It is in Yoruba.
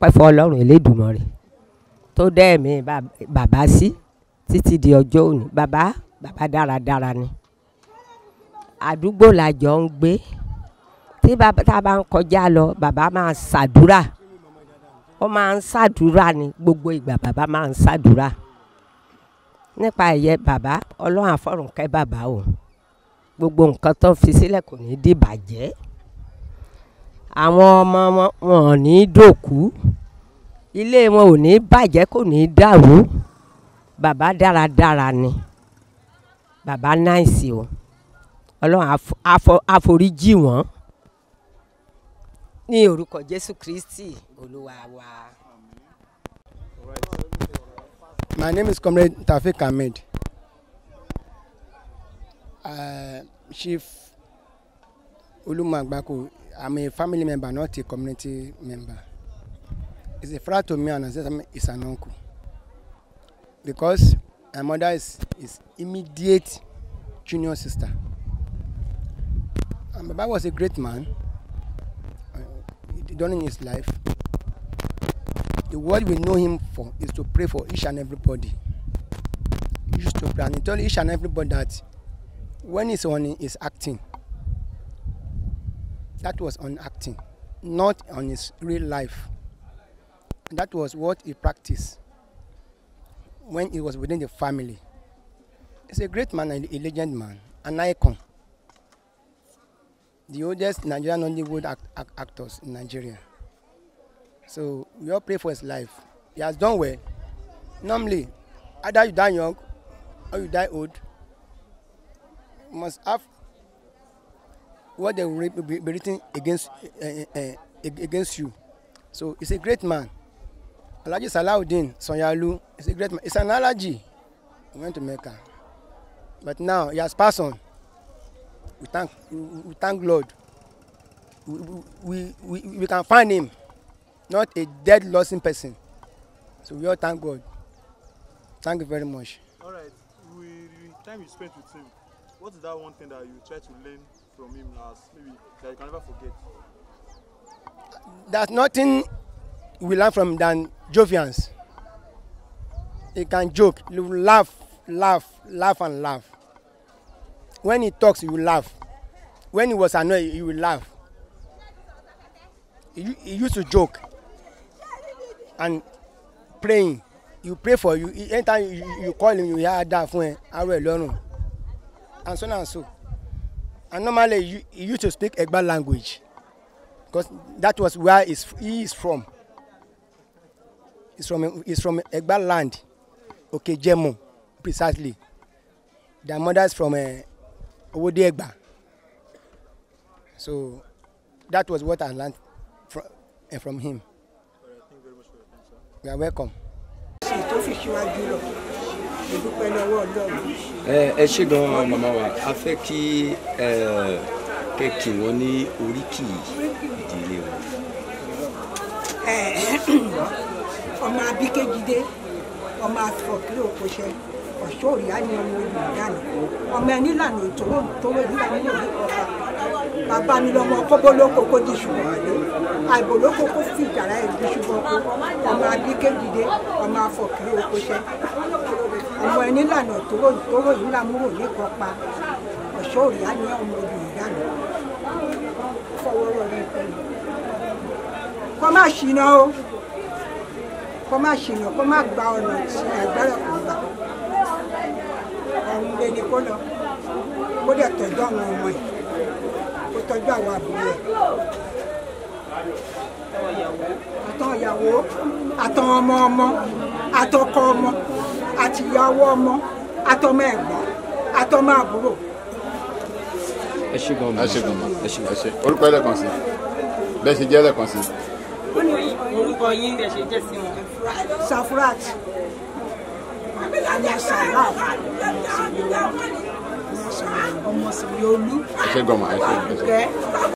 pẹ́fọ́ ọlọ́run Elédùmarè tó dẹ́ ẹ̀mí bàbá sí títí di ọjọ́ òní bàbá bàbá dáradára ni àdúgbò làjọ ń gbé tí bàbá tá a bá ń kọjá lọ bàbá máa ṣàdúrà ó máa ń ṣàdúrà ni gbogbo ìgbà bàbá máa ń ṣàdúrà nípa ẹ̀yẹ bàbá ọlọ́run àfọ̀rùnkẹ́ bàbá o gbogbo nǹkan tó fi sílẹ̀ kò ní di bàjẹ́ àwọn ọmọ wọn ò ní dòkú ilé wọn ò ní bàjẹ́ kò ní dàrú bàbá dáradára ni bàbá náìsì o ọlọ́run àforíjì wọn ní orúkọ jésù kristi olúwa wa. My name is Comrade Tafik Ahmed, uh, Chief Uluma Agbako. I'm a family member, not a community member. It's a frat to me and Azetam is an uncle. Because my mother is his immediate junior sister. My Baba was a great man uh, during his life. The word we know him for is to pray for each and everybody. He used to pray and he told each and everybody that when he's on, he's acting. That was on acting, not on his real life. that was what he practiced when he was within the family. He's a great man and a legend man, an icon. The oldest Nigerian Hollywood act, act, actors in Nigeria. So we all pray for his life. He has done well. Normally, either you die young or you die old. You must have what they will be written against uh, uh, against you. So he's a great man. Alhaji Salahuddin Sanyalu is a great man. It's an allergy. He went to Mecca. But now he has passed on. We thank we thank Lord. We we, we, we can find him, not a dead lost person. So we all thank God. Thank you very much. All right. We, the time you spent with him, what is that one thing that you try to learn from him as maybe that you can never forget? There's nothing we learn from than Jovians. He can joke, you laugh, laugh, laugh and laugh. When he talks, you laugh. When he was annoyed, you will laugh. He, he used to joke and praying. You pray for you. Anytime you, you call him, you hear that phone. Arọ ẹ lọ́rùn and so on and so. And normally you, he used to speak Egba language because that was where he's, he is from. He's from, he's from Egba land, okay, Jemo, precisely. Their mother is from uh, Owode Egba. So that was what I learned from, uh, eh, from him. Well, thank you very much for your time, sir. You are welcome ìdúpẹ́ lọ́wọ́ ọlọ́run. ẹ ṣe gan-an màmá wa a fẹ́ kí kẹ́kì wọn ní oríkì ìdílé wọn. ọmọ abíkéjìdé ọmọ àfọkìlẹ òkòṣẹ ọ̀ṣọ́ òrìá ni ọmọ olùdáná ọmọ ẹni lànà ìtòwò ìtòwò ìdílé àwọn olùkọ́fà bàbá mi lọmọ kọ́bọ́ ló kókó di ṣùgbọ́n àdó àìbò ló kókó fi ìjàrá ẹ̀ di ṣùgbọ́n ọmọ abíkéjìdé ọmọ àfọkìlẹ òkòṣẹ ọmọ ẹni lànà tóró ìtóró yìí lámúrò nìkan pa ọ̀ṣọ́ òrìá ní ọmọ obìnrin ìdáná fọwọ́rọ́ rẹ kọ́ má ṣìnà o kọ́ má ṣìnà kọ́ má gba ọ̀nà tí agbára kò gbà ọ̀hún lé ní kó lọ kó dẹ̀ tọ́jú àwọn ọmọ ẹ̀ kó tọ́jú àwọn àbúrò ẹ̀ àtọ̀ ìyàwó àtọ̀ ọmọ ọmọ àtọkọ ọmọ àti ìyá ọwọ́ ọmọ àtọmọ ẹ̀gbọ́n àtọmọ àbúrò. ẹ ṣe gan ma ẹ ṣe gan ma ẹ ṣe ẹ ṣe orúkọ ẹ lẹ́ẹ̀kan sí bẹ́ẹ̀ ṣe jẹ́ lẹ́ẹ̀kan sí. ó ní orúkọ yín bẹ́ẹ̀ ṣe jẹ́ sí wọn. Safurat ọmọ sàrà ọmọ sàrà olú. ẹ ṣe gan ma ẹ ṣe ẹ ṣe.